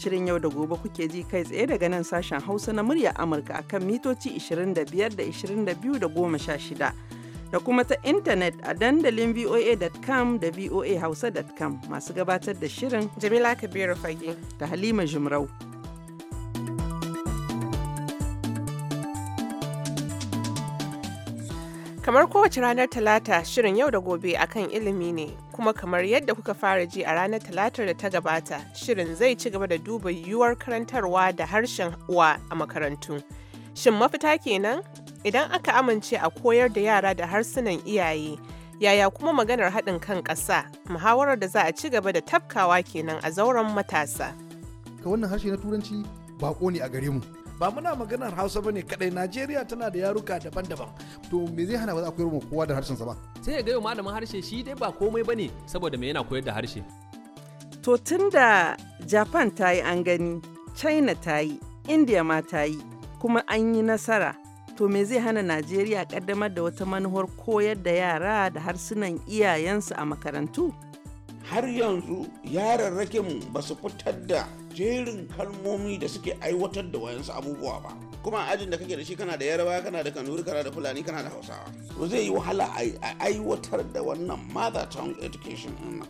Shirin yau da gobe kuke ji kai tsaye daga nan sashen Hausa na murya Amurka akan mitoci 25 da 22 da 16. Da kuma ta intanet a dandalin voa.com da voahausa.com masu gabatar da shirin Jamila Kabiru Fage da Halima Jumrau. Kamar kowace ranar Talata shirin yau da gobe akan ilimi ne, kuma kamar yadda kuka fara ji a ranar Talatar da ta gabata, shirin zai ci gaba da duba yiwuwar karantarwa da harshen uwa a makarantu. Shin mafita kenan? Idan aka amince a koyar da yara da harsunan iyaye, yaya kuma maganar haɗin kan ƙasa, muhawarar da za a ci gaba da tafkawa kenan a zauren matasa. Ka wannan harshe na Turanci bako ne a gare mu. ba muna maganar hausa bane kadai najeriya tana da yaruka daban-daban to me zai hana ba za ku kowa da sa ba sai ya gayo malamin harshe shi dai ba komai bane saboda me yana koyar da harshe to tunda japan ta yi an gani china ta yi india ma ta yi kuma an yi nasara to me zai hana najeriya kaddamar da wata manuwar koyar da yara da harsunan iyayensu a makarantu har yanzu yararrakin ba su fitar da jerin kalmomi da suke aiwatar da wayansu abubuwa ba kuma ajin da kake da shi kana da yaraba kana da kanuri kana da fulani kana da hausawa to zai yi wahala a aiwatar da wannan mother tongue education din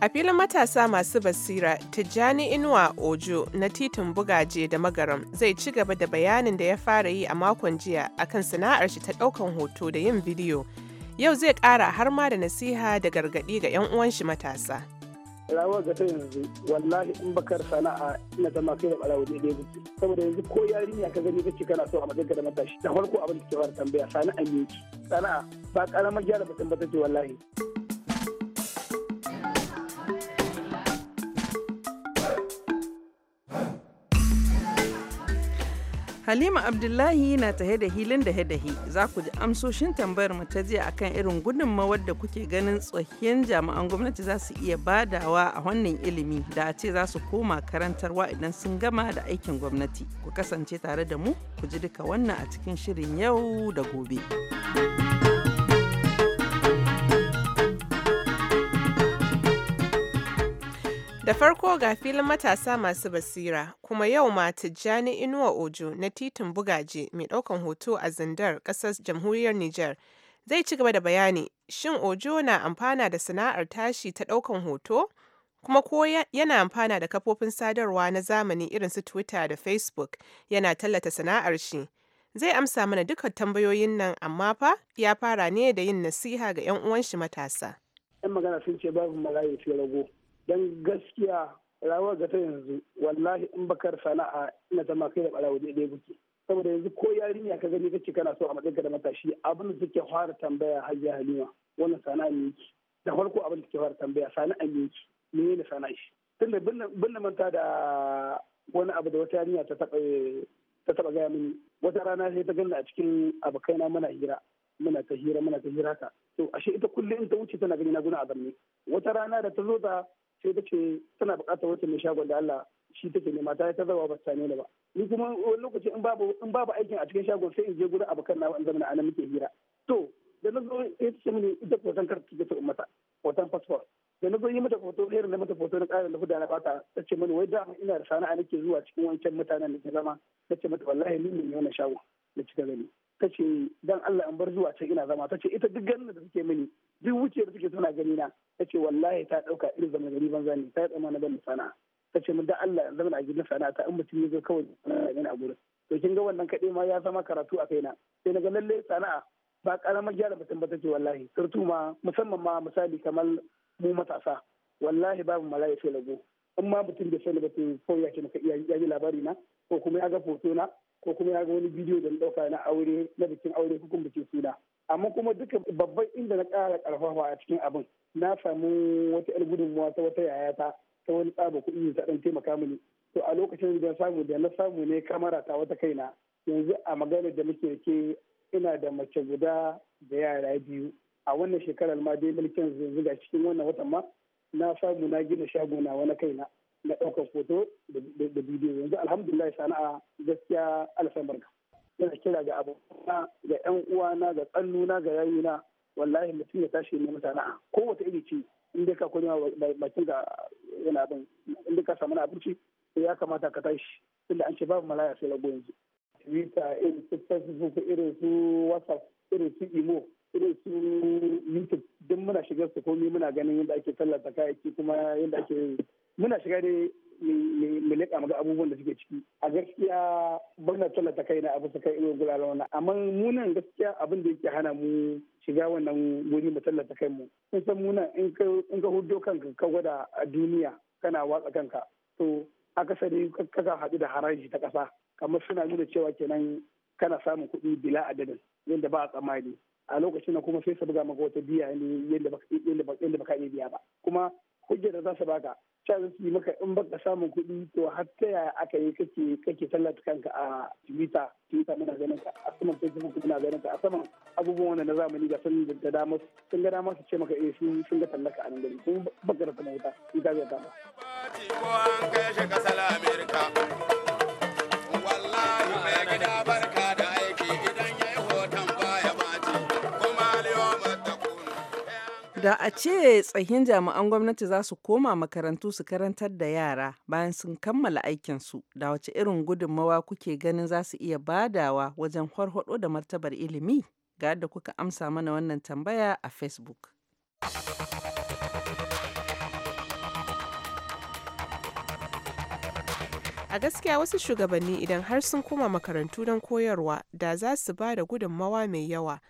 a filin matasa masu basira tijjani inuwa ojo na titin bugaje da magaram zai ci gaba da bayanin da ya fara yi a makon jiya akan sana'ar shi ta ɗaukan hoto da yin bidiyo Yau zai kara har ma da nasiha da gargaɗi ga 'yan uwan shi matasa. Rawar ga ta yanzu wallahi in bakar sana'a ina zama kai da barawo daidai buki saboda yanzu ko yarinya ka gani kace kana so a matsayin da matashi da farko abin da ke fara tambaya sana'a ne sana'a ba karamar gyara batun ba ta ce wallahi. Halima Abdullahi na tahe da hilin da dahe za ku ji amsoshin tambayar ta jiya akan irin gudunmawar da kuke ganin tsohiyan jami'an gwamnati za su iya badawa a wannan ilimi da a ce za su koma karantarwa idan sun gama da aikin gwamnati. Ku kasance tare da mu ku ji duka wannan a cikin shirin yau da gobe. Da farko ga filin matasa masu basira, kuma yau ma Tijjani Inuwa Ojo na titin Bugaje mai ɗaukan hoto a Zandar, ƙasar jamhuriyar Nijar. Zai ci gaba da bayani, shin Ojo na amfana da sana'ar tashi ta ɗaukan hoto? Kuma ko yana amfana da kafofin sadarwa na zamani irin su Twitter da Facebook yana tallata sana'ar shi. Zai amsa mana dukkan tambayoyin nan amma fa ya fara ne da yin nasiha ga 'yan uwan shi matasa. 'Yan magana sun ce babu rago. don gaskiya rawar ga ta yanzu wallahi in bakar sana'a ina zama kai da barawo daidai kuke saboda yanzu ko yarinya ka gani kace kana so a matsayinka da matashi abin da suke fara tambaya hajiya halima wannan sana'a ne yake da farko abin da suke fara tambaya sana'a ne yake ne ne sana'a shi tunda bin da manta da wani abu da wata yarinya ta taba ta taba gaya mini wata rana sai ta ganna a cikin abokaina muna hira muna ta hira muna ta hira haka to ashe ita kullum in ta wuce tana gani na guna a zanne wata rana da ta zo da sai ta ce tana bukatar wata mai shagon da Allah shi take nema ta ta zawa ba tsane da ba ni kuma wani lokaci in babu in babu aikin a cikin shagon sai in je gurin abokan na wanda zama ana muke hira to da na zo ce mini ita hoton kar ta in mata hoton passport da na zo yi mata hoto irin na mata hoto na karin da huda na fata ta ce mini wai da ina da sana'a nake zuwa cikin wancan mutanen da ke zama ta ce mata wallahi ni ne wannan shagon da cika gani ta ce dan Allah in bar zuwa can ina zama ta ce ita duk ganin da take mini duk wuce da suke suna gani na ta ce wallahi ta ɗauka irin zama gari banza ne ta tsama na bani sana'a ta ce mun da Allah zama a gidan sana'a ta in mutum ya zo kawai sana'a a gurin to kin ga wannan kaɗai ma ya zama karatu a kaina sai na ga lalle sana'a ba karamar gyara mutum ba ta ce wallahi surtu ma musamman ma misali kamar mu matasa wallahi babu malaya sai lago in ma mutum bai sani ba to ko ya ce maka iya ji labari na ko kuma ya ga foto na ko kuma ya ga wani bidiyo da na ɗauka na aure na bikin aure ko kuma suna amma kuma duka babban inda na kara karfafa a cikin abin na samu wata yar gudunmuwa ta wata yaya ta wani tsaba kuɗi ta ɗan taimaka mini to a lokacin da samu da na samu ne kamara ta wata kaina yanzu a maganar da muke ke ina da mace guda da yara biyu a wannan shekarar ma dai mulkin yanzu ga cikin wannan watan ma na samu na gina shago na wani kaina na ɗaukar foto da bidiyo yanzu alhamdulillah sana'a gaskiya alsan barka yana kira ga abokana ga yan uwana ga tsalluna ga yayuna wallahi mutum ya tashi mutane a kowace iri ce inda ka ka mai bakin ka yana bin inda ka samu na abinci to ya kamata ka tashi tunda an ce babu malaya sai rago yanzu twitter irin su facebook irin su whatsapp irin su imo irin su youtube duk muna shiga su komi muna ganin yadda ake tallata kayayyaki kuma yadda ake muna shiga dai mu leƙa mu abubuwan da suke ciki a gaskiya ban na tallata na abu ta kai irin guraren wannan amma munan gaskiya abin da yake hana mu shiga wannan wuri mu tallata mu in san munan in ka hudo kanka ka gwada a duniya kana watsa kanka to akasari ka haɗu da haraji ta ƙasa kamar suna nuna cewa kenan kana samun kuɗi bila adadin yadda ba a tsammani a lokacin na kuma sai su buga maka wata biya ne yadda ka iya biya ba kuma hujjar da za su baka su yi maka in baka samun kuɗi to har ta yaya aka yi kake kake tallata kanka a twitter twitter muna ganin ka a saman facebook muna ganin ka a saman abubuwan wanda na zamani ga sun da dama sun ga dama su ce maka eh sun sun ga tallaka a nan gari sun baka da wuta ita zai ta ba. Da a ce tsahin jami'an gwamnati za su koma makarantu su karantar da yara bayan sun kammala aikinsu da wace irin gudunmawa kuke ganin za su iya badawa wajen harhaɗo da martabar ilimi ga da kuka amsa mana wannan tambaya a Facebook. A gaskiya wasu shugabanni idan har sun koma makarantu don koyarwa da za su ba da gudunmawa mai yawa.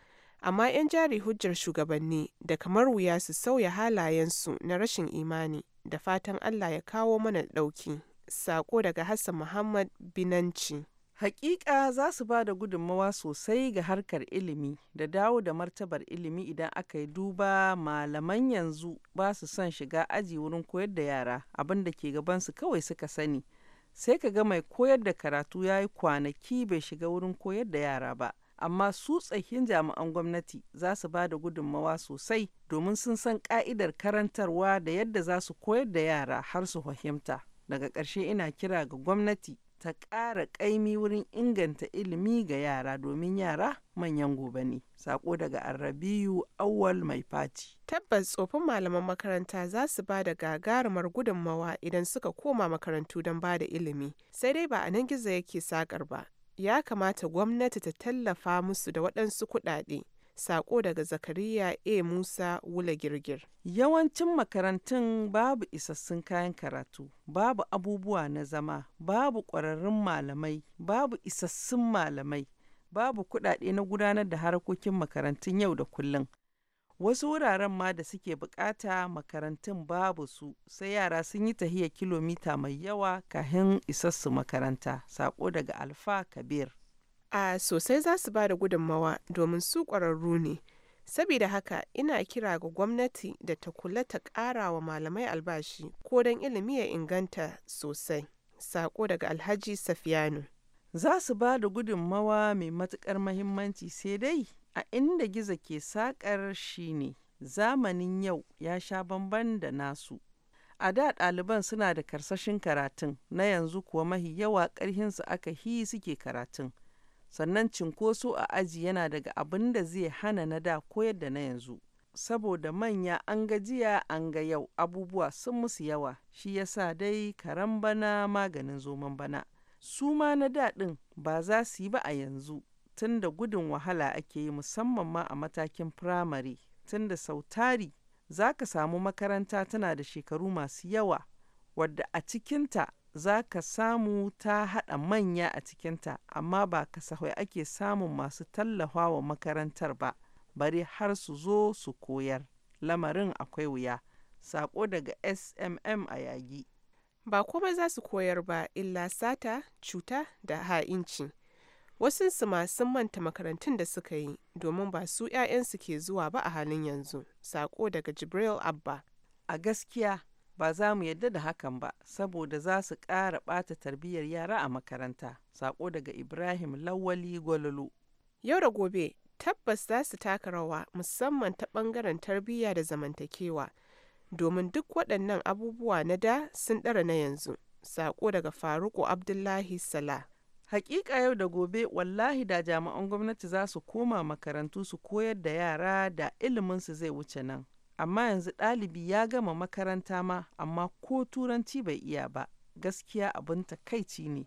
amma 'yan jari hujjar shugabanni da kamar wuya su sauya halayensu na rashin imani da fatan Allah ya kawo mana ɗauki. Sako daga Hassan Muhammad Binanci. Hakika za su ba da gudunmawa sosai ga harkar ilimi da dawo da martabar ilimi idan aka yi duba malaman yanzu ba su son shiga aji wurin koyar da yara abin da ke gabansu kawai suka sani sai ka ga mai koyar da karatu ya yi kwanaki bai shiga wurin koyar da yara ba. amma su tsakin jami'an gwamnati za su ba da gudunmawa sosai domin sun san ka'idar karantarwa da yadda za su koyar da yara har su fahimta daga ƙarshe ina kira ga gwamnati ta ƙara ƙaimi wurin inganta ilimi ga yara domin yara manyan gobe ne. Sako daga Arrabiyu Awwal Mai Fati. Tabbas tsofin malaman makaranta za su ba da gagarumar gudunmawa idan suka koma makarantu don ba da ilimi. Sai dai ba a nan gizo yake sakar ba, ya kamata gwamnati ta tallafa musu da waɗansu kuɗaɗe. Sako daga Zakariya A. Musa Wula Girgir. Yawancin makarantun babu isassun kayan karatu, babu abubuwa na zama, babu ƙwararrun malamai, babu isassun malamai, babu kuɗaɗe na gudanar da harkokin makarantun yau da kullum. Wasu wuraren ma da suke bukata makarantun babu su sai yara sun yi tahiyar kilomita mai yawa kahin isassu makaranta. Sako daga Alfa Kabir. A sosai za su ba da gudunmawa domin su ƙwararru ne. saboda haka ina kira ga gwamnati da ta kula ta ƙara wa malamai albashi ko don ilimi ya inganta sosai. Sako daga Alhaji Safiyanu. Za su ba da gudunmawa mai matuƙar mahimmanci sai dai A inda giza ke saƙar shi ne, zamanin yau ya sha bamban da nasu, a da ɗaliban suna da karsashin karatun, na yanzu kuwa mahi yawa ƙarhinsu aka hi suke karatun, sannan cinkoso a aji yana daga abinda zai hana na da koyar da na yanzu, saboda manya an gajiya jiya an ga yau abubuwa sun musu yawa, shi yasa dai karen bana maganin zoman bana, su ma na daɗin ba za su yi ba a yanzu. tun da gudun wahala ake yi musamman ma a matakin firamare tunda sau tari za ka samu makaranta tana da shekaru masu yawa wadda a cikinta za ka samu ta haɗa manya a cikinta amma ba kasahwai ake samun masu tallafa wa makarantar ba bari har su zo su koyar lamarin akwai wuya sako daga smm a yagi ba komai za su koyar ba illa sata cuta da ha'inci wasunsu ma sun manta makarantun da suka yi domin ba su 'ya'yansu ke zuwa ba a halin yanzu sako daga jibril abba a gaskiya ba za mu yadda da hakan ba saboda za su ƙara ɓata tarbiyyar yara a makaranta sako daga ibrahim lawali gwalolo yau da gobe tabbas za su taka rawa musamman ta ɓangaren tarbiyya da zamantakewa domin duk waɗannan abubuwa na da sun ɗara na yanzu sako daga faruku abdullahi salah Hakika yau da gobe wallahi da jami'an gwamnati za su koma makarantu su koyar da yara da iliminsu zai wuce nan. Amma yanzu ɗalibi ya gama makaranta ma amma ko turanci bai iya ba gaskiya abin takaici ne.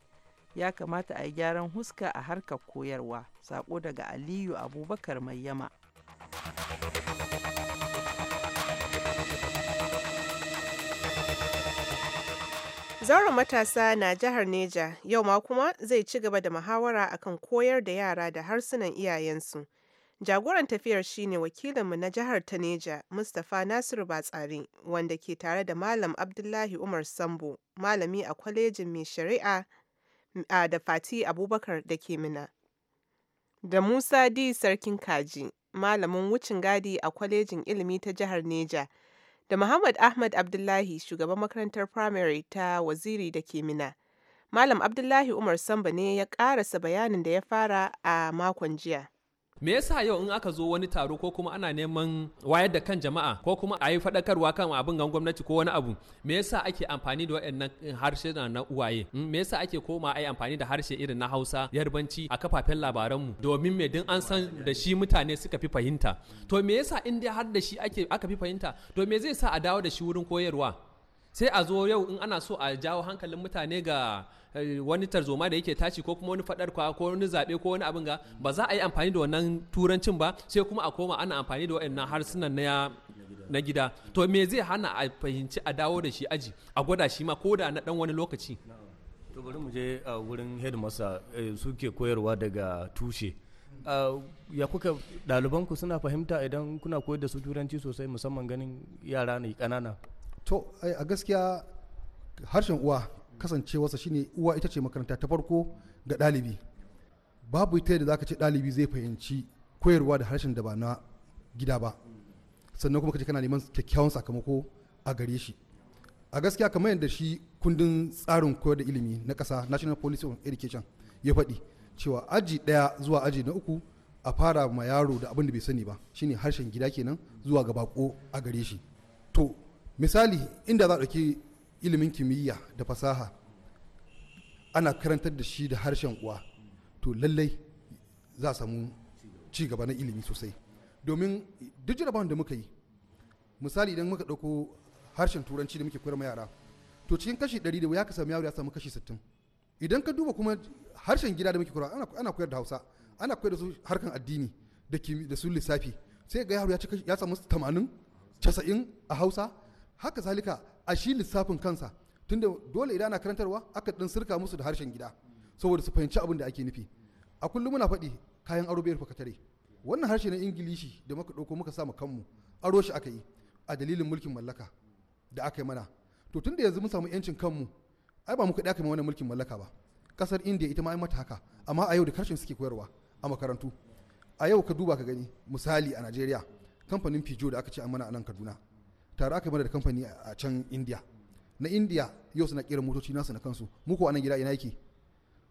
Ya kamata a yi gyaran huska a harkar koyarwa. Sako daga Aliyu Abubakar Mayyama. Zauren matasa na jihar Neja yau ma kuma zai ci gaba da muhawara akan koyar da yara da harsunan iyayensu. Jagoran tafiyar shine wakilinmu na jihar ta Neja, Mustapha Nasiru Batsari, wanda ke tare da Malam Abdullahi Umar Sambo, malami a kwalejin mai shari'a da Fati Abubakar da ke mina. Da Musa D. Sarkin Kaji, malamin wucin gadi a kwalejin ilimi ta jihar Neja, da Muhammad Ahmad Abdullahi shugaban makarantar firamare ta waziri da ke Mina. Malam Abdullahi Umar Samba ne ya ƙarasa bayanin da ya fara a makon jiya. me yasa yau in aka zo wani taro ko kuma ana neman wayar da kan jama'a ko kuma a yi faɗakarwa kan abin gan gwamnati ko wani abu me yasa ake amfani da waɗannan eh, harshe na uwaye hmm, me yasa ake koma a yi amfani da harshe irin na hausa yarbanci a kafafen labaranmu domin me din an san da shi mutane suka fi fahimta to me yasa in dai har da shi ake aka fi fahimta to me zai sa a dawo da shi wurin koyarwa sai a zo yau in ana so a jawo hankalin mutane ga Eh, wani tarzoma da yake tashi ko kuma wani fadar kwa ko wani zabe ko wani abin ga ba za a yi amfani da wannan turancin ba sai kuma a koma ana amfani da waɗannan harsunan na na gida to me zai hana a fahimci a dawo da shi aji a gwada shi ma ko da na dan wani lokaci to bari mu je a wurin headmaster eh, suke koyarwa daga tushe ya kuka ɗalibanku suna fahimta idan kuna koyar da su turanci sosai musamman ganin yara ne ƙanana to a gaskiya harshen uwa kasancewarsa shine uwa ita ce makaranta ta farko ga ɗalibi babu ita da zaka ce ɗalibi zai fahimci koyarwa da harshen da ba na gida ba sannan kuma kace kana neman kyakkyawan sakamako a gare shi a gaskiya kamar yadda shi kundin tsarin koyar da ilimi na kasa national policy on education ya faɗi cewa aji ɗaya zuwa aji na uku a fara ma yaro da abin da bai sani ba shine harshen gida kenan zuwa ga bako a gare shi to misali inda za a ɗauki ilimin kimiyya da fasaha ana karantar da shi da harshen uwa to lallai za a samu ci gaba na ilimi sosai domin duk jarabawan da muka yi misali idan muka ɗauko harshen turanci da muke koyarwa yara to cikin kashi 100 da wuya ka samu yaro ya samu kashi 60 idan ka duba kuma harshen gida da muke koyarwa ana koyar da Hausa ana koyar da su harkan addini da su lissafi sai ga yaro ya samu 80 90 a Hausa haka zalika a shi lissafin kansa tunda dole idan ana karantarwa aka ɗin sirka musu da harshen gida saboda su fahimci abin da ake nufi a kullum muna faɗi kayan aro bayar katare wannan harshe na ingilishi da muka ɗauko muka samu kanmu aro shi aka yi a dalilin mulkin mallaka da aka yi mana to tunda yanzu mun samu yancin kanmu ai ba mu kaɗai aka yi wannan mulkin mallaka ba kasar india ita ma mata haka amma a yau da karshen suke koyarwa a makarantu a yau ka duba ka gani misali a najeriya kamfanin fijo da aka ce an mana a nan kaduna tare aka mana da kamfani a can india na india yau suna kera motoci nasu na kansu muku a nan gida ina yake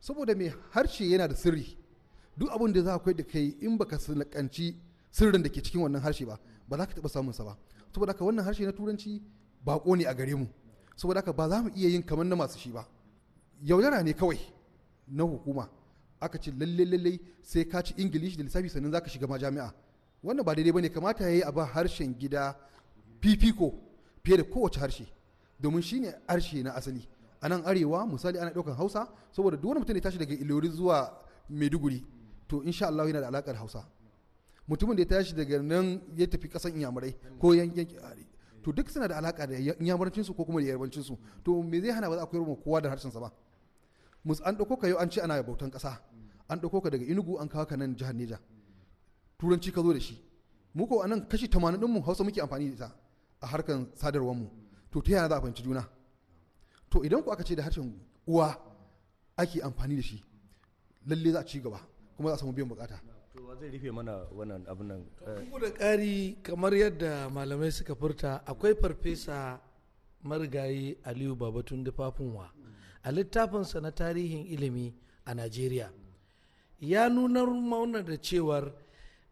saboda mai harshe yana da sirri duk abin da za ka da kai in baka kanci sirrin da ke cikin wannan harshe ba ba za ka taɓa samun sa ba saboda haka wannan harshe na turanci bako ne a gare mu saboda haka ba za mu iya yin kamar na masu shi ba yaudara ne kawai na hukuma aka ci lalle lalle sai ka ci ingilishi da lissafi sannan za ka shiga ma jami'a wannan ba daidai ba ne kamata ya yi a ba harshen gida fifiko fiye da kowace harshe domin shi ne harshe na asali a nan arewa misali ana ɗaukan hausa saboda duk wani mutum ya tashi daga ilori zuwa maiduguri to insha Allah yana da alaƙar hausa mutumin da ya tashi daga nan ya tafi ƙasan inyamurai ko yankin to duk suna da alaƙa da inyamurancin su ko kuma da yarbancin su to me zai hana ba za a koyar mu kowa da harshen sa ba mus an dauko ka yau an ce ana bautan ƙasa an dauko ka daga inugu an kawo ka nan jihar neja turanci ka zo da shi mu ko anan kashi 80 mu hausa muke amfani da ita a harkar sadarwarmu to ta yana za a fahimci juna to idan ku aka ce da harshen uwa ake amfani da shi lalle za a ci gaba kuma za a samu biyan bukata to rufe mana wannan abin nan da ƙari kamar yadda malamai suka furta akwai farfesa marigayi aliyu babatun fafinwa a littafinsa na tarihin ilimi a najeriya ya nuna mauna da cewar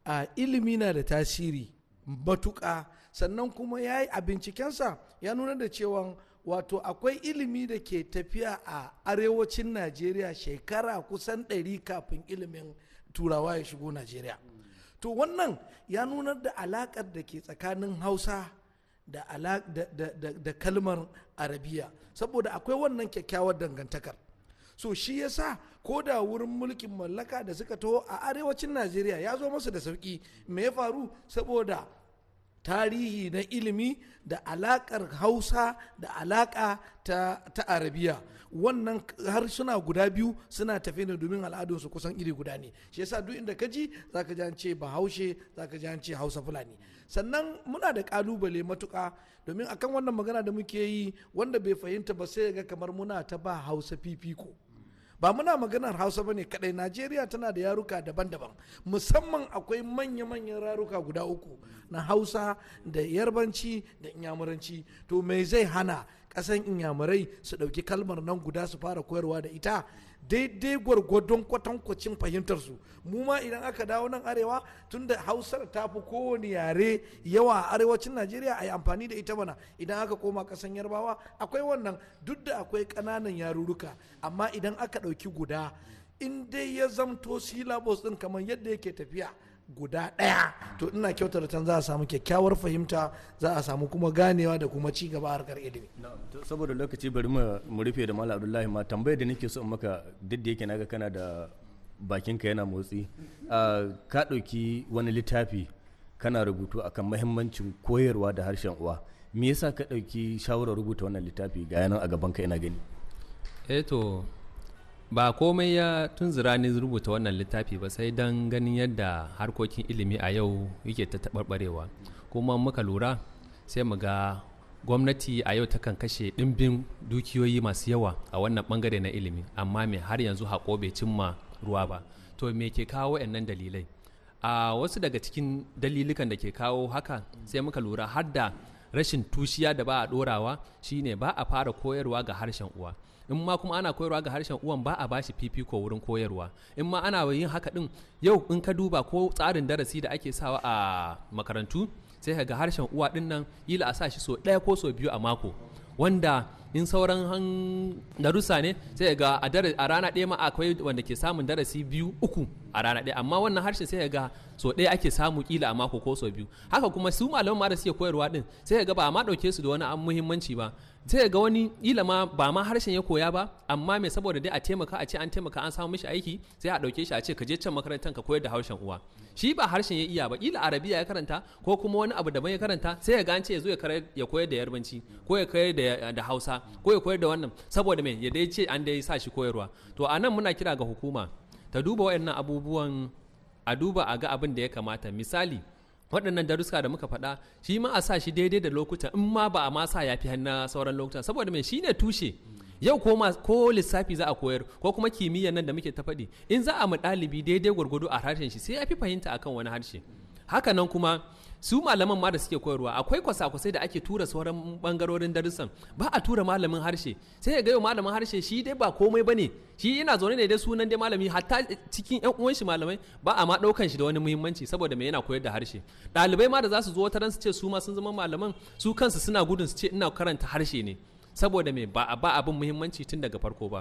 a ilimi na da tasiri matuƙa sannan kuma ya yi a bincikensa ya nuna da cewa wato akwai ilimi da ke tafiya a arewacin najeriya shekara kusan ɗari kafin ilimin turawa ya shigo najeriya to wannan ya nuna da alaƙar da ke tsakanin hausa da, da, kalmar arabiya saboda akwai wannan kyakkyawar dangantakar so shi ya sa ko da wurin mulkin mallaka da suka taho a arewacin najeriya ya zo masu da sauki me ya faru saboda tarihi na ilimi da alaƙar hausa da alaƙa ta, ta arabiya wannan harsuna guda biyu suna tafe ne domin al'adunsu kusan iri guda ne shi yasa duk inda ka ji za ka an ce bahaushe za ka hausa fulani sannan muna da kalubale matuka domin akan wannan magana da muke yi wanda bai fahimta ba sai ga kamar muna ta ba hausa fifiko ba muna maganar hausa ba ne kadai najeriya tana da yaruka daban-daban musamman akwai manya-manyan yaruka guda uku na hausa da yarbanci da inyamuranci to me zai hana ƙasan inyamurai su ɗauki kalmar nan guda su fara koyarwa da ita daidai gwargwadon kwatankwacin fahimtarsu mu ma idan aka dawo nan arewa tunda hausar ta fi kowane yare yawa a arewacin najeriya a yi amfani da ita mana idan aka koma kasan yarbawa akwai wannan duk da akwai ƙananan yarurruka amma idan aka ɗauki guda in dai ya zamto syllabus ɗin kamar yadda yake tafiya guda ɗaya to ina kyautar can za a samu kyakkyawar fahimta za a samu kuma ganewa da kuma ci gaba harkar ilimi saboda lokaci bari mu rufe da malam abdullahi ma tambayar da nake so maka duk da yake naga kana da bakinka yana motsi ka ɗauki wani littafi kana rubutu akan mahimmancin koyarwa da harshen uwa me yasa ka ɗauki shawarar rubuta wannan littafi ga yanan a gaban ka ina gani eh to ba komai ya tunzura ni rubuta wannan littafi ba sai don ganin yadda harkokin ilimi a yau yake ta taɓarɓarewa kuma muka lura sai mu ga gwamnati a yau takan kashe ɗimbin dukiyoyi masu yawa a wannan bangare na ilimi amma mai har yanzu haƙo bai cimma ruwa ba to me ke kawo nan dalilai a wasu daga cikin dalilikan da ke kawo haka sai muka lura har da rashin tushiya da ba a ɗorawa shine ba a fara koyarwa ga harshen uwa in ma kuma ana koyarwa ga harshen uwan ba a bashi fifiko wurin koyarwa in ma ana yin haka din yau in ka duba ko tsarin darasi da ake sawa a makarantu sai ka ga harshen uwa din nan yila a sa shi so ɗaya ko so biyu a mako wanda in sauran darussa ne sai ga a rana ɗaya ma akwai wanda ke samun darasi biyu uku a rana ɗaya amma wannan harshe sai ga so ɗaya ake samu kila a mako ko so biyu haka kuma su malaman ma da suke koyarwa din sai ga ba ma ɗauke su da wani muhimmanci ba sai ga wani kila ma ba ma harshen ya koya ba amma mai saboda dai a taimaka a ce an taimaka an samu mishi aiki sai a ɗauke shi a ce ka je can makarantar ka koyar da harshen uwa shi ba harshen ya iya ba kila arabiya ya karanta ko kuma wani abu daban ya karanta sai ga an ce ya zo ya koyar da yarbanci ko ya koyar da hausa ko ya koyar da wannan saboda me ya ce an dai sa shi koyarwa to a nan muna kira ga hukuma ta duba waɗannan abubuwan a duba a ga abin da ya kamata misali waɗannan daruska da muka faɗa shi ma a sa shi daidai da lokuta in ma ba a ma sa ya yafi hannu sauran lokuta saboda mai shine tushe yau ko lissafi za a koyar ko kuma kimiyyar nan da muke ta faɗi in za a mu ɗalibi daidai gwargwado a harshen shi sai ya fi fahimta akan wani harshe haka nan kuma su malaman ma da suke koyarwa akwai kwasa-kwasai da ake tura sauran bangarorin darussan ba a tura malamin harshe sai ya gaya malamin harshe shi dai ba komai ba bane shi yana zaune ne dai sunan dai malami hatta cikin yan uwan malamai ba a ma daukan shi da wani muhimmanci saboda me yana koyar da harshe dalibai ma da za su zo wata ran su ce su ma sun zama malaman su kansu suna gudun su ce ina karanta harshe ne saboda me ba ba abin muhimmanci tun daga farko ba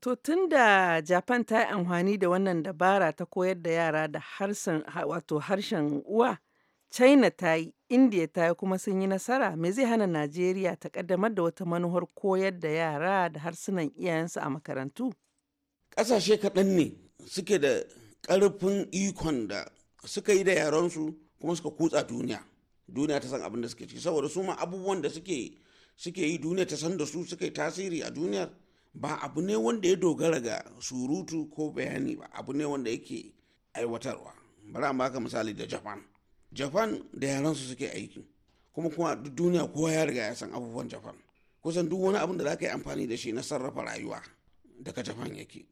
To tun da Japan ta yi amfani da wannan dabara ta koyar da yara da harshen wato harshen uwa China ta yi, India ta yi kuma sun yi nasara, me zai hana Najeriya ta kaddamar da wata manuhar koyar da yara da harsunan iyayensu a makarantu? Ƙasashe kaɗan ne suke da ƙarfin ikon da suka yi da yaransu kuma suka kutsa duniya. Duniya ta san abin da suke ciki saboda su ma abubuwan da suke suke yi duniya ta san da su suka yi tasiri a duniyar ba abu ne wanda ya dogara ga surutu ko bayani ba abu ne wanda yake aiwatarwa. Bari an baka misali da Japan. japan da yaransu suke aiki kuma kuma duk duniya kowa ya riga ya san abubuwan japan kusan duk wani abin da za ka yi amfani da shi na sarrafa rayuwa daga japan yake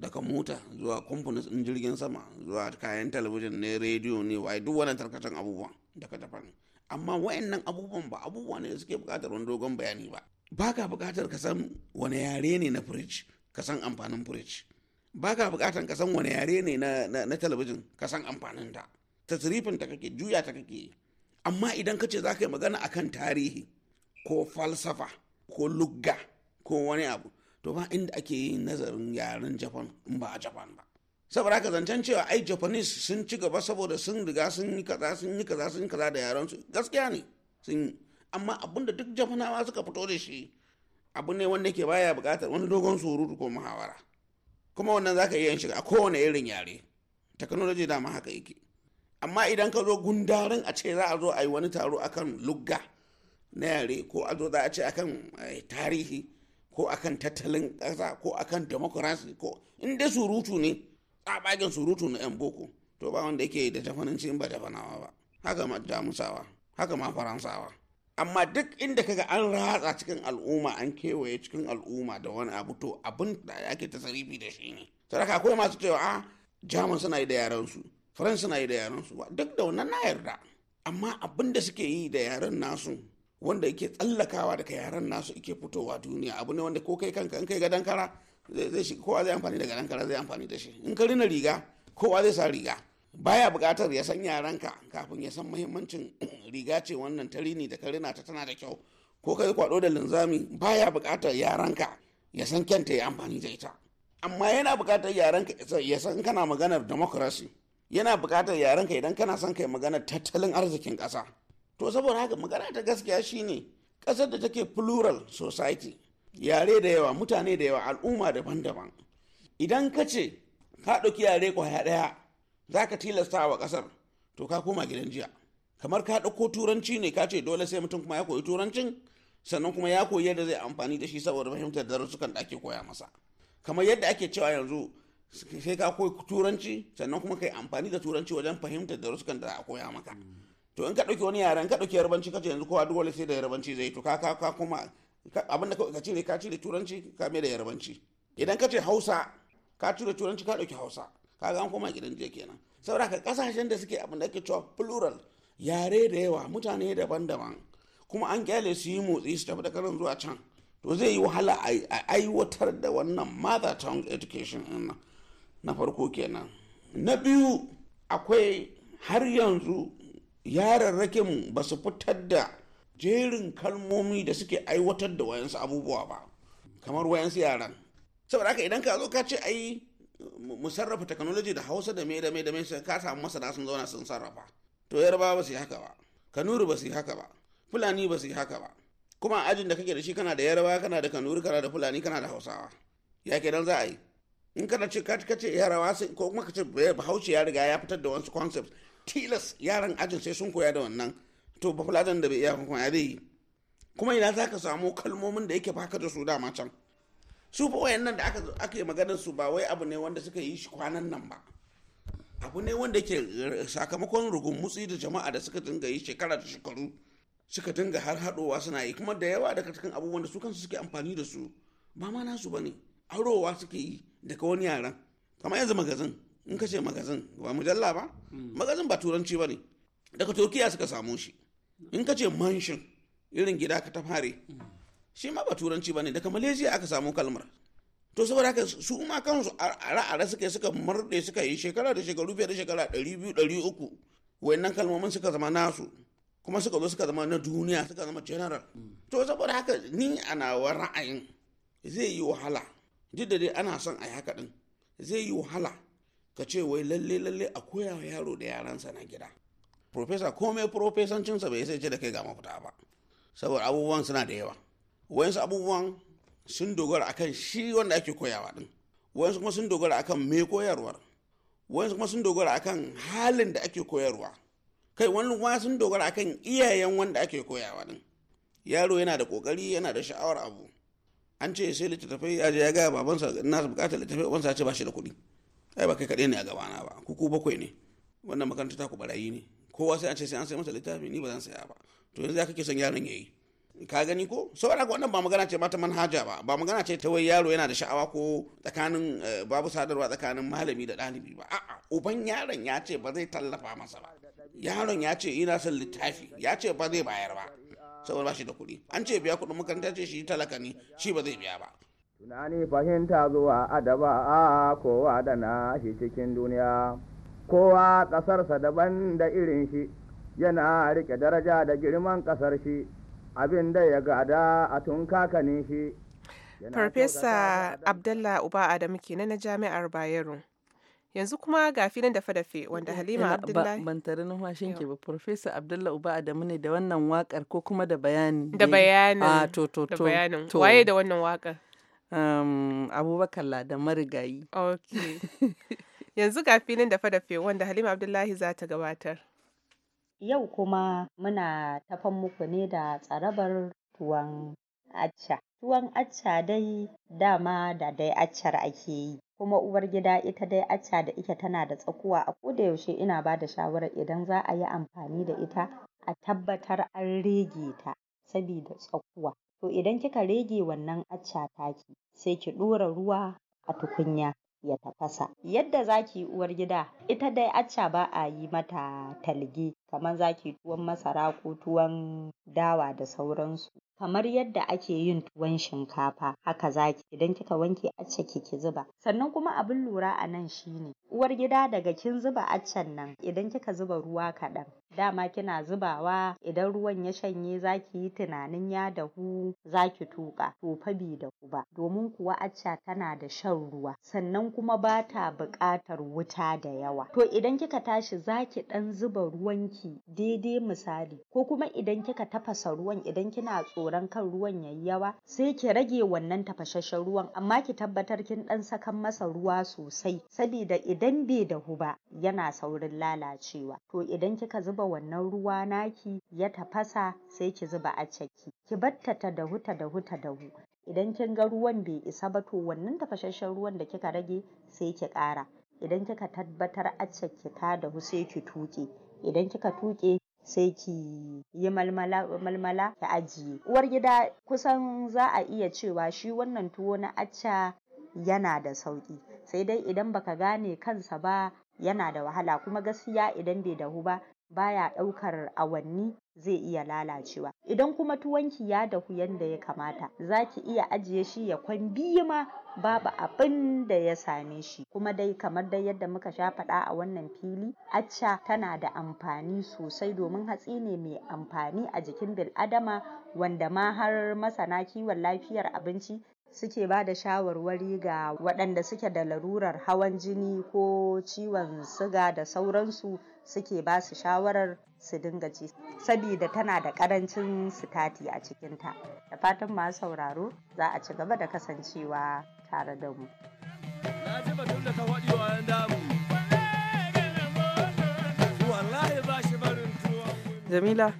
daga mota zuwa kwamfanin ɗin jirgin sama zuwa kayan talabijin ne rediyo ne wai duk wani tarkacen abubuwan daga japan amma wayannan abubuwan ba abubuwa ne suke buƙatar wani dogon bayani ba ba ka buƙatar ka san wani yare ne na firij ka san amfanin firij ba ka buƙatar ka san wani yare ne na talabijin ka san amfanin ta tasrifin ta kake juya ta kake amma idan ka ce za ka yi magana a kan tarihi ko falsafa ko lugga ko wani abu to ba inda ake yin nazarin yaren japan in ba a japan ba saboda haka zancen cewa ai japanese sun ci gaba saboda sun riga sun yi kaza sun yi kaza sun yi kaza da yaren su gaskiya ne sun yi amma abin da duk japanawa suka fito da shi abu ne wanda ke baya bukatar wani dogon surutu ko muhawara kuma wannan za ka iya yin shiga a kowane irin yare technology dama haka yake amma idan ka zo gundarin a ce za a zo a yi wani taro akan lugga na yare ko a zo za a ce akan eh, tarihi ko akan tattalin ƙasa ko akan demokarasi ko inda surutu ne tsabagen surutu na yan boko to ba wanda yake da jafananci in ba jafanawa ba haka ma jamusawa haka ma faransawa amma duk inda kaga an ratsa cikin al'umma an kewaye cikin al'umma da wani abu to abin da ake tasarifi da shi ne sadaka akwai masu cewa a ah, jamus suna yi da yaransu faransa na yi da yaran su ba duk da wannan na yarda amma abin da suke yi da yaren nasu wanda yake tsallakawa daga yaren nasu yake fitowa duniya abu ne wanda ko kai kanka in kai ga dankara zai shi kowa zai amfani da dankara zai amfani da shi in ka rina riga kowa zai sa riga baya buƙatar ya san yaranka kafin ya san muhimmancin riga ce wannan ta rini da ka rina ta tana da kyau ko kai kwado da linzami baya buƙatar yaranka ya san kyanta ya amfani da ita amma yana buƙatar yaranka ya san kana maganar democracy yana buƙatar yaren ka idan kana son kai magana tattalin arzikin ƙasa to saboda haka magana ta gaskiya shine ƙasar da take plural society yare da yawa mutane da yawa al'umma daban-daban idan ka ce ka ɗauki yare kwaya ɗaya za ka tilasta wa ƙasar to ka koma gidan jiya kamar ka ɗauko turanci ne ka ce dole sai mutum kuma ya koyi turancin sannan kuma ya koyi yadda zai amfani da shi saboda fahimtar darussukan da ake koya masa kamar yadda ake cewa yanzu sai ka koyi turanci sannan kuma kai amfani da turanci wajen fahimtar darussukan da a koya maka to in ka ɗauki wani yaren ka ɗauki yarbanci ka ce yanzu kowa duk wani sai da yarbanci zai to ka ka ka kuma abin da ka cire ka cire turanci ka mai da yarbanci idan ka ce hausa ka cire turanci ka ɗauki hausa ka ga an koma gidan jiya kenan saboda ka kasashen da suke abin da ake cewa plural yare da yawa mutane daban-daban kuma an kyale su yi motsi su tafi da karin zuwa can to zai yi wahala a aiwatar da wannan mother tongue education ɗin nan na farko kenan na biyu akwai har yanzu yararrakin ba su fitar da jerin kalmomi da suke aiwatar da wayansu abubuwa ba kamar wayansu yaran saboda haka idan ka zo ka ce ai mu sarrafa technology da hausa da me da me ka samu masana sun zauna sun sarrafa to yarbawa ba su yi haka ba kanuri ba su yi haka ba fulani ba su yi haka ba kuma ajin da kake da shi kana da yarbawa kana da kanuri kana da fulani kana da hausawa ya kenan za a yi in kana ce ka kace yara wasu ko kuma kace eh, bahaushe ya riga ya fitar da wasu concepts tilas yaran ajin sai sun koya da wannan to ba fulatan da bai iya kuma ya yi kuma ina za ka samu kalmomin da yake baka da su dama can su fa wayannan da aka aka yi maganar su ba wai abu ne wanda suka yi shi kwanan nan ba abu ne wanda ke eh, sakamakon rugun mutsi da jama'a da suka dinga yi shekara da shekaru suka dinga har haɗowa suna yi kuma da yawa daga cikin abubuwan da su kansu suke amfani da su ba ma nasu ba ne aurowa suke yi daga wani yaran kamar yanzu magazin in ka ce magazin ba mujalla ba hmm. magazin ba turanci ba ne daga turkiya suka samu shi in ka ce manshin irin gida ka ta fare hmm. shi ma ba turanci ba ne daga malaysia aka samu kalmar to saboda haka su ma kansu ara-ara suka suka murɗe suka yi shekara da shekaru biyar da shekara ɗari biyu ɗari uku wayannan kalmomin suka zama nasu kuma suka zo suka zama na duniya suka zama general hmm. to saboda haka ni a nawa ra'ayin zai yi wahala duk da dai ana son a yi haka ɗin zai yi wahala ka ce wai lalle lalle a koya wa yaro da yaransa na gida profesa komai profesancinsa bai sai ce da kai ga mafita ba saboda abubuwan suna da yawa wayansu abubuwan sun dogara akan shi wanda ake koyawa din wayansu kuma sun dogara akan me koyarwar wayansu kuma sun dogara akan halin da ake koyarwa kai wani kuma sun dogara akan iyayen wanda ake koyawa din yaro yana da kokari yana da sha'awar abu an ce sai littattafai ya je ya gaya babansa na bukatar littattafai babansa ce ba shi da kuɗi ai ba kai kaɗai ne a gabana ba kuku bakwai ne wannan makaranta ta ku barayi ne kowa sai an ce sai an sai masa littafi ni ba zan saya ba to yanzu ya kake son yaron ya yi ka gani ko saboda wannan ba magana ce ba ta manhaja ba ba magana ce ta wai yaro yana da sha'awa ko tsakanin eh, babu sadarwa tsakanin malami da dalibi. ba a'a uban yaron ya ce ba zai tallafa masa ba yaron ya ce ina son littafi ya ce ba zai bayar ba saboda ba shi da kuɗi an ce biya kuɗin makaranta ce shi talaka ne shi ba zai biya ba tunani fahimta zuwa adaba a kowa da na shi cikin duniya kowa ƙasarsa daban da irin shi yana rike daraja da girman ƙasar shi abin da ya gada a tun kakanin shi farfesa abdallah uba adamu kenan na jami'ar bayero yanzu kuma ga filin dafe-dafe wanda eh, halima abdullahi ban tare numfashin ke ba professor abdullahi uba adamu ne da wannan wakar ko kuma da bayani da bayanin a ah, to to to waye da wannan wakar abubakar da marigayi ok yanzu ga filin dafe-dafe wanda halima abdullahi za ta gabatar yau kuma muna tafan muku ne da tsarabar tuwon acca tuwon acca dai dama da dai accar ake yi kuma uwargida ita dai acca da ita tana da tsakuwa a koda yaushe ina ba da shawarar idan za a yi amfani da ita a tabbatar an rege ta sabida tsakuwa to idan kika rege wannan acca taki sai ki ɗora ruwa a tukunya ya tafasa yadda za ki yi uwargida ita dai acca ba a yi mata talge kamar za ki yi tuwon masara ko tuwon dawa da sauransu kamar yadda ake yin tuwon shinkafa haka zaki idan kika wanke accen ki ki zuba sannan kuma abin lura anan shine. Uwar gida daga kin zuba accan nan idan kika zuba ruwa kaɗan dama kina zubawa idan ruwan ya shanye zaki yi tunanin ya dahu zaki ki tuƙa to fa bai dahu ba domin kuwa acca tana da shan ruwa sannan kuma bata ta buƙatar wuta da yawa to idan kika tashi zaki ɗan zuba ruwanki daidai misali ko kuma idan kika tafasa ruwan idan kina tsoron kan ruwan yayi yawa sai ki rage wannan tafasasshen ruwan amma ki tabbatar kin ɗan sakan masa ruwa sosai sabida idan bai dahu ba yana saurin lalacewa to idan kika zuba zuba wannan ruwa naki ya tafasa sai ki zuba a ciki. Ki barta ta dahu ta dahu ta dahu. Idan kin ga ruwan bai isa ba to wannan tafasasshen ruwan da kika rage sai ki ƙara. Idan kika tabbatar ciki ta dahu sai ki tuƙe. Idan kika tuƙe sai ki yi malmala ki ajiye. uwar gida kusan za a iya cewa shi wannan tuwo na acca yana da sauƙi. Sai dai idan baka gane kansa ba yana da wahala kuma gaskiya idan bai dahu ba baya ɗaukar awanni zai iya lalacewa. Idan kuma tuwanki ya dahu yanda ya kamata za ki iya ajiye shi ya kwan biyu ma babu abin da ya same shi. Kuma dai kamar dai yadda muka sha faɗa a wannan fili acca tana da amfani sosai domin hatsi ne mai amfani a jikin bil'adama wanda ma har masana kiwon lafiyar abinci suke ba da shawarwari ga waɗanda suke da larurar hawan jini ko ciwon siga da sauransu suke ba su shawarar su dinga ci sabida tana da ƙarancin sitati a cikinta da fatan masu sauraro za a ci gaba da kasancewa tare da mu. Jamila,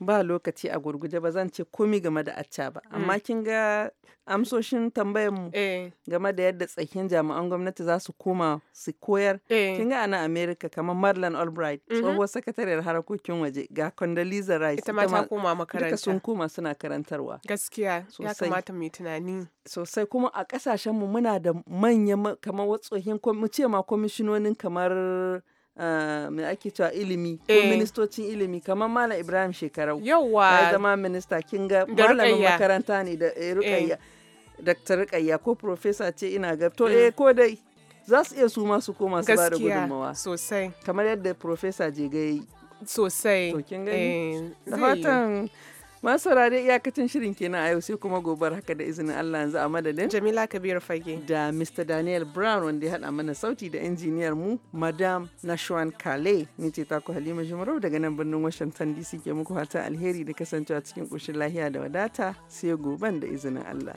ba lokaci a gurguje ba zan ce komi game da acca ba amma mm. kin ga amsoshin tambayar mu eh. game da yadda tsakin jami'an gwamnati za su koma su koyar eh. kin ga ana America kamar Marlon Albright mm-hmm. tsohuwar sakatariyar harkokin waje ga Condoleezza Rice ita ma ta koma makaranta duka sun koma suna karantarwa gaskiya ya kamata mu tunani sosai kuma a kasashen mu muna da manyan kamar watsohin mu ce ma kwamishinonin kamar Uh, ah, mai ake cewa ilimi eh. ko ministocin ilimi kamar malam ibrahim shekarau yawa ya zama minista kin ga malamin makaranta ne da eh, rukayya eh. dr rukayya ko profesa ce ina ga to mm. eh ko dai za su iya su masu koma su bada gudunmawa sosai kamar yadda profesa je ga yi sosai to kin gani eh, da Masu saurare iyakacin shirin kenan a yau sai kuma gobar haka da izinin Allah yanzu a madadin. Jamila Kabiru Fage. Da Mr. Daniel Brown wanda ya haɗa mana sauti da injiniyar mu Madam Nashwan Kale. Ni ce ku Halima Jumarau daga nan birnin Washington DC ke muku hata alheri da kasancewa cikin ƙoshin lahiya da wadata sai goban da izinin Allah.